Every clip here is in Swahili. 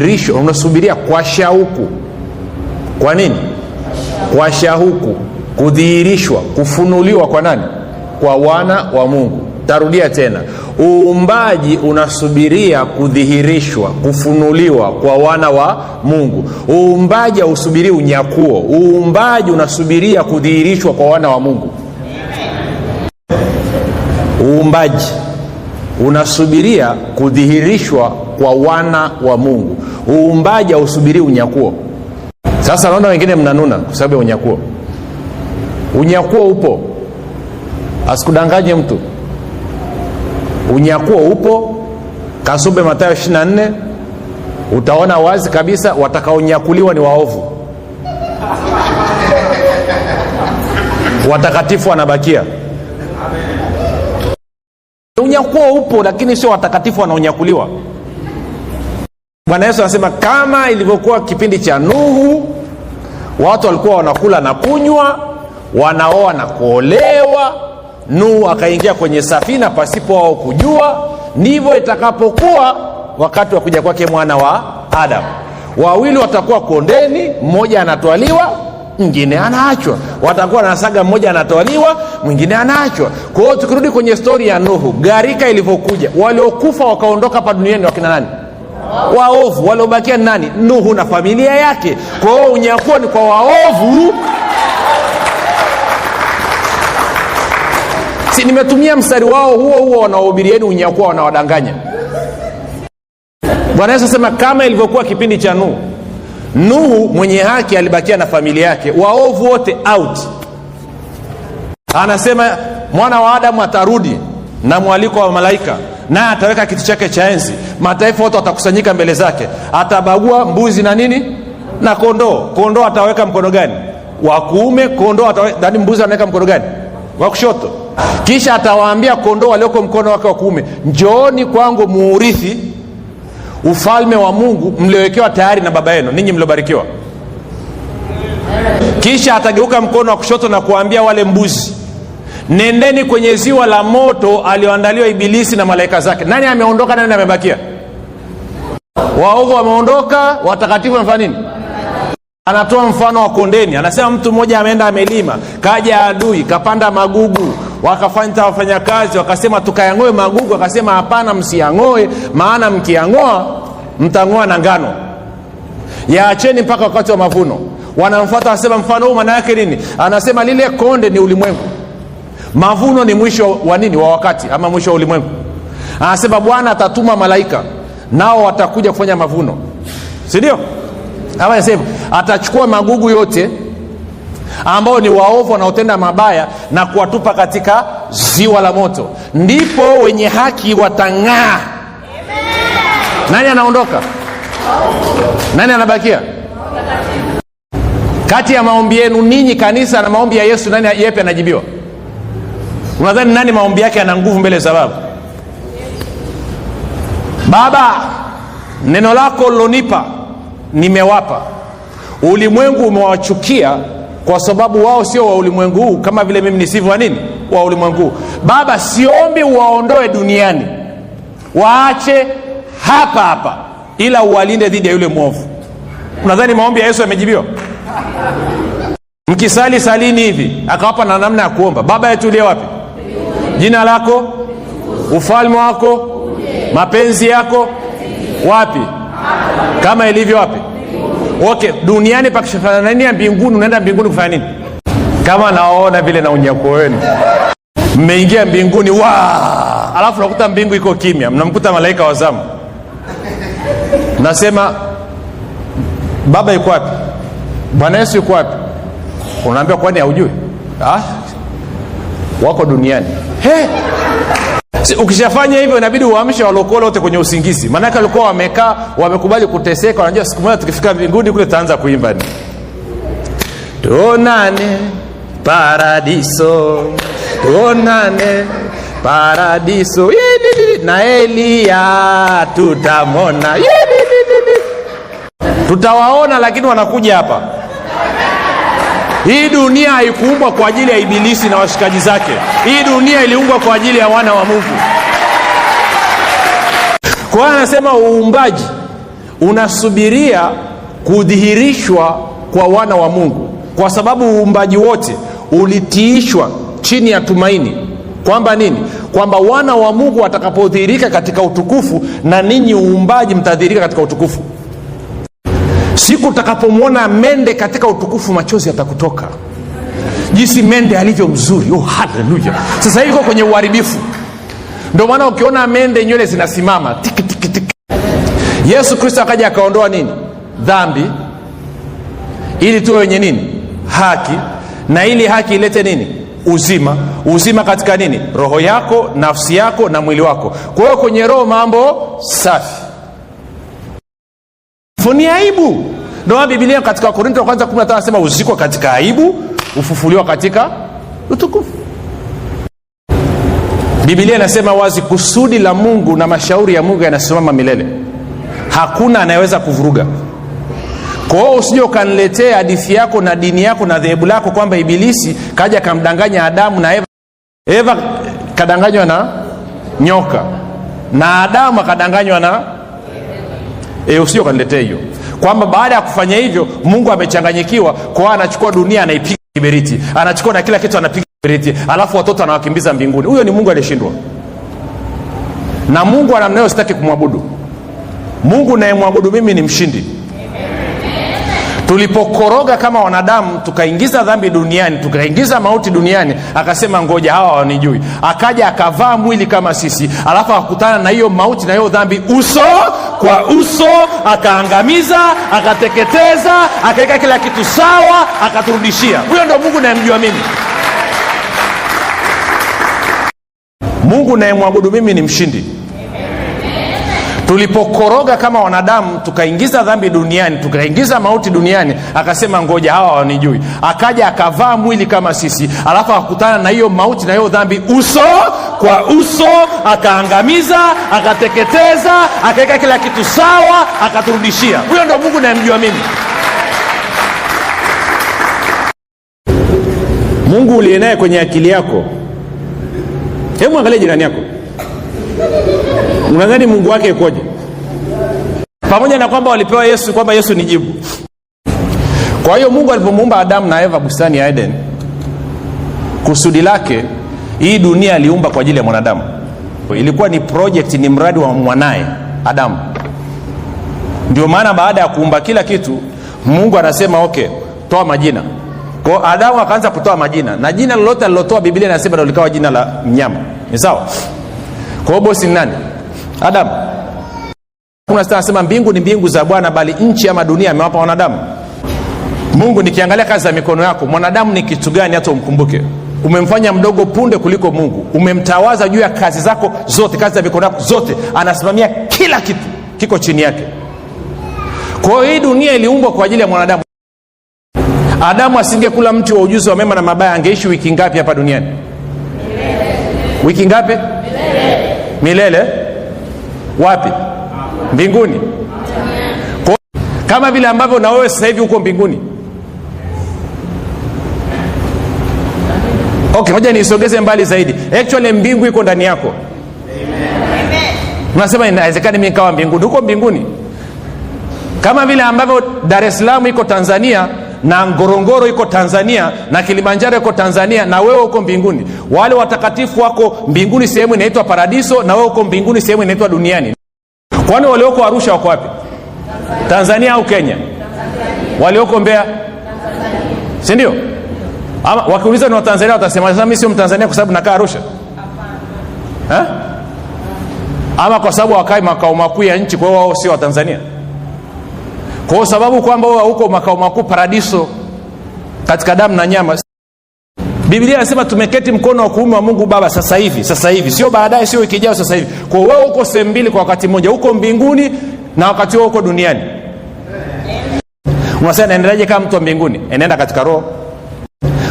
risho unasubiria kwa shauku. Kwa nini? Kwa shauku, kudhihirishwa, kufunuliwa kwa nani? Kwa wana wa Mungu. Tarudia tena, uumbaji unasubiria kudhihirishwa, kufunuliwa kwa wana wa Mungu. Uumbaji hausubiri unyakuo, uumbaji unasubiria kudhihirishwa kwa wana wa Mungu. Uumbaji unasubiria kudhihirishwa kwa wana wa Mungu. Uumbaji ausubirii unyakuo. Sasa naona wengine mnanuna kwa sababu ya unyakuo. Unyakuo upo, asikudanganye mtu. Unyakuo upo, kasumbe matayo 24 utaona wazi kabisa, watakaonyakuliwa ni waovu, watakatifu wanabakia unyakuo upo, lakini sio watakatifu wanaonyakuliwa. Bwana Yesu anasema kama ilivyokuwa kipindi cha Nuhu, watu walikuwa wanakula na kunywa, wanaoa na kuolewa, Nuhu akaingia kwenye safina pasipo wao kujua, ndivyo itakapokuwa wakati wa kuja kwake mwana wa Adamu. Wawili watakuwa kondeni, mmoja anatwaliwa mwingine anaachwa, watakuwa na saga, mmoja anatoaliwa, mwingine anaachwa. Kwa hiyo tukirudi kwenye stori ya Nuhu, garika ilivyokuja, waliokufa wakaondoka hapa duniani wakina nani? Waovu. Waliobakia nani? Nuhu na familia yake. Kwa hiyo unyakuo ni kwa waovu. Si nimetumia mstari wao huo huo wanaohubirieni unyakuwa wanawadanganya. Bwana Yesu asema kama ilivyokuwa kipindi cha Nuhu Nuhu mwenye haki alibakia na familia yake, waovu wote out. Anasema mwana wa Adamu atarudi na mwaliko wa malaika, naye ataweka kiti chake cha enzi, mataifa wote watakusanyika mbele zake, atabagua mbuzi na nini na kondoo. Kondoo ataweka mkono gani wa kuume? Kondoo ataweka yaani mbuzi, anaweka mkono gani wa kushoto? Kisha atawaambia kondoo walioko mkono wake wa kuume, njooni kwangu muurithi ufalme wa mungu mliowekewa tayari na baba yenu ninyi mliobarikiwa kisha atageuka mkono wa kushoto na kuwaambia wale mbuzi nendeni kwenye ziwa la moto alioandaliwa ibilisi na malaika zake nani ameondoka nani amebakia waovu wameondoka watakatifu wamefanya nini anatoa mfano wa kondeni anasema mtu mmoja ameenda amelima kaja adui kapanda magugu wakafanya wafanyakazi wakasema tukayang'oe magugu akasema hapana msiyang'oe maana mkiyang'oa mtang'oa na ngano yaacheni mpaka wakati wa mavuno wanamfuata wanasema mfano huu maana yake nini anasema lile konde ni ulimwengu mavuno ni mwisho wa nini wa wakati ama mwisho wa ulimwengu anasema bwana atatuma malaika nao watakuja kufanya mavuno sindio ama hivyo atachukua magugu yote ambao ni waovu wanaotenda mabaya na kuwatupa katika ziwa la moto, ndipo wenye haki watang'aa. Nani anaondoka? Nani anabakia? Kati ya maombi yenu ninyi kanisa na maombi ya Yesu, nani yepe anajibiwa? Unadhani nani maombi yake yana nguvu mbele za Baba? Baba, neno lako lilonipa nimewapa, ulimwengu umewachukia kwa sababu wao sio wa ulimwengu huu kama vile mimi nisivyo wa nini wa ulimwengu huu baba siombi uwaondoe duniani waache hapa hapa ila uwalinde dhidi ya yule mwovu unadhani maombi ya yesu yamejibiwa mkisali salini hivi akawapa na namna ya kuomba baba yetu uliye wapi jina lako ufalme wako mapenzi yako wapi kama ilivyo wapi okay, duniani pakishafanana ya mbinguni? Unaenda mbinguni kufanya nini? Kama naona vile na unyako wenu, mmeingia mbinguni wa, alafu nakuta mbingu iko kimya, mnamkuta malaika wazamu nasema baba yuko wapi? Bwana Yesu yuko wapi? Unaambia kwani haujui? Ah, wako duniani. He? Ukishafanya hivyo inabidi uamshe walokole wote kwenye usingizi, maanake walikuwa wamekaa wamekubali kuteseka, wanajua siku moja tukifika mbinguni kule tutaanza kuimba ni tuonane paradiso, tuonane paradiso na Elia tutamwona, tutawaona, lakini wanakuja hapa hii dunia haikuumbwa kwa ajili ya Ibilisi na washikaji zake. Hii dunia iliumbwa kwa ajili ya wana wa Mungu. Kwa hiyo anasema uumbaji unasubiria kudhihirishwa kwa wana wa Mungu, kwa sababu uumbaji wote ulitiishwa chini ya tumaini kwamba nini? Kwamba wana wa Mungu watakapodhihirika katika utukufu, na ninyi uumbaji mtadhihirika katika utukufu. Siku utakapomwona mende katika utukufu, machozi atakutoka jinsi mende alivyo mzuri. Oh, haleluya! Sasa hivi iko kwenye uharibifu, ndio maana ukiona mende nywele zinasimama tiki, tiki, tiki. Yesu Kristo akaja akaondoa nini? Dhambi, ili tuwe wenye nini? Haki, na ili haki ilete nini? Uzima. Uzima katika nini? Roho yako, nafsi yako na mwili wako. Kwa hiyo kwenye roho mambo safi ni aibu. Ndio maana Biblia katika Wakorintho wa kwanza 15 anasema uzikwa katika aibu, ufufuliwa katika utukufu. Biblia inasema wazi, kusudi la Mungu na mashauri ya Mungu yanasimama milele, hakuna anayeweza kuvuruga. Kwa hiyo usije ukaniletee hadithi yako na dini yako na dhehebu lako kwamba Ibilisi kaja kamdanganya Adamu na Eva. Eva kadanganywa na nyoka na Adamu akadanganywa na E, eh, usio ukaniletea hiyo kwamba baada ya kufanya hivyo Mungu amechanganyikiwa, kwa anachukua dunia anaipiga kiberiti, anachukua na kila kitu anapiga kiberiti, alafu watoto anawakimbiza mbinguni. Huyo ni Mungu aliyeshindwa, na Mungu anamnayo sitaki kumwabudu. Mungu nayemwabudu mimi ni mshindi. Tulipokoroga kama wanadamu tukaingiza dhambi duniani tukaingiza mauti duniani, akasema ngoja hawa wanijui. Akaja akavaa mwili kama sisi, alafu akakutana na hiyo mauti na hiyo dhambi uso kwa uso, akaangamiza, akateketeza, akaweka kila kitu sawa, akaturudishia. Huyo ndo Mungu nayemjua mimi. Mungu nayemwabudu mimi ni mshindi tulipokoroga kama wanadamu tukaingiza dhambi duniani tukaingiza mauti duniani, akasema ngoja hawa wanijui. Akaja akavaa mwili kama sisi, alafu akakutana na hiyo mauti na hiyo dhambi uso kwa uso, akaangamiza, akateketeza, akaweka kila kitu sawa, akaturudishia. Huyo ndo Mungu nayemjua mimi. Mungu uliye naye kwenye akili yako, hebu angalia jirani yako unadhani Mungu wake ikoje? Pamoja na kwamba walipewa Yesu kwamba Yesu ni jibu. Kwa hiyo Mungu alipomuumba Adamu na Eva bustani ya Eden, kusudi lake hii dunia aliumba kwa ajili ya mwanadamu. Ilikuwa ni project, ni mradi wa mwanaye Adamu. Ndio maana baada ya kuumba kila kitu, Mungu anasema okay, toa majina. Kwa Adamu akaanza kutoa majina, na jina lolote alilotoa Biblia inasema ndio likawa jina la mnyama. Ni sawa? Kwa bosi ni nani? Adamu. Kuna sita anasema mbingu ni mbingu za Bwana, bali nchi ama dunia amewapa wanadamu. Mungu, nikiangalia kazi za mikono yako, mwanadamu ni kitu gani hata umkumbuke? Umemfanya mdogo punde kuliko Mungu, umemtawaza juu ya kazi zako zote, kazi za mikono yako zote, anasimamia kila kitu kiko chini yake. Kwa hii dunia iliumbwa kwa ajili ya mwanadamu. Adamu asingekula mtu wa ujuzi wa mema na mabaya, angeishi wiki ngapi hapa duniani? Wiki ngapi? milele wapi? Mbinguni. Kwa kama vile ambavyo na wewe sasa hivi uko mbinguni. Okay, moja niisogeze mbali zaidi. Actually mbingu iko ndani yako. Unasema inawezekani mi nikawa mbinguni? Huko mbinguni, kama vile ambavyo Dar es Salaam iko Tanzania na Ngorongoro iko Tanzania na Kilimanjaro iko Tanzania na wewe uko mbinguni. Wale watakatifu wako mbinguni sehemu inaitwa paradiso, na wewe uko mbinguni sehemu inaitwa duniani. Kwani walioko Arusha wako wapi? Tanzania au Kenya? Walioko Mbeya, si ndio? Ama wakiuliza ni Watanzania watasema sasa mimi sio Mtanzania kwa sababu nakaa Arusha ha? Eh? Ama kwa sababu wakai makao makuu ya nchi, kwa hiyo wao sio Watanzania kwa sababu kwamba wewe huko makao makuu paradiso katika damu na nyama. Biblia inasema tumeketi mkono wa kuume wa Mungu Baba sasa hivi, sasa hivi, sio baadaye, sio wiki ijayo, sasa hivi. Kwa hiyo wewe huko sehemu mbili kwa wakati mmoja, huko mbinguni na wakati huo huko duniani. Unasema naendeleaje kama mtu wa mbinguni? Enenda katika roho.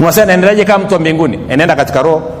Unasema naendeleaje kama mtu wa mbinguni? Enenda katika roho.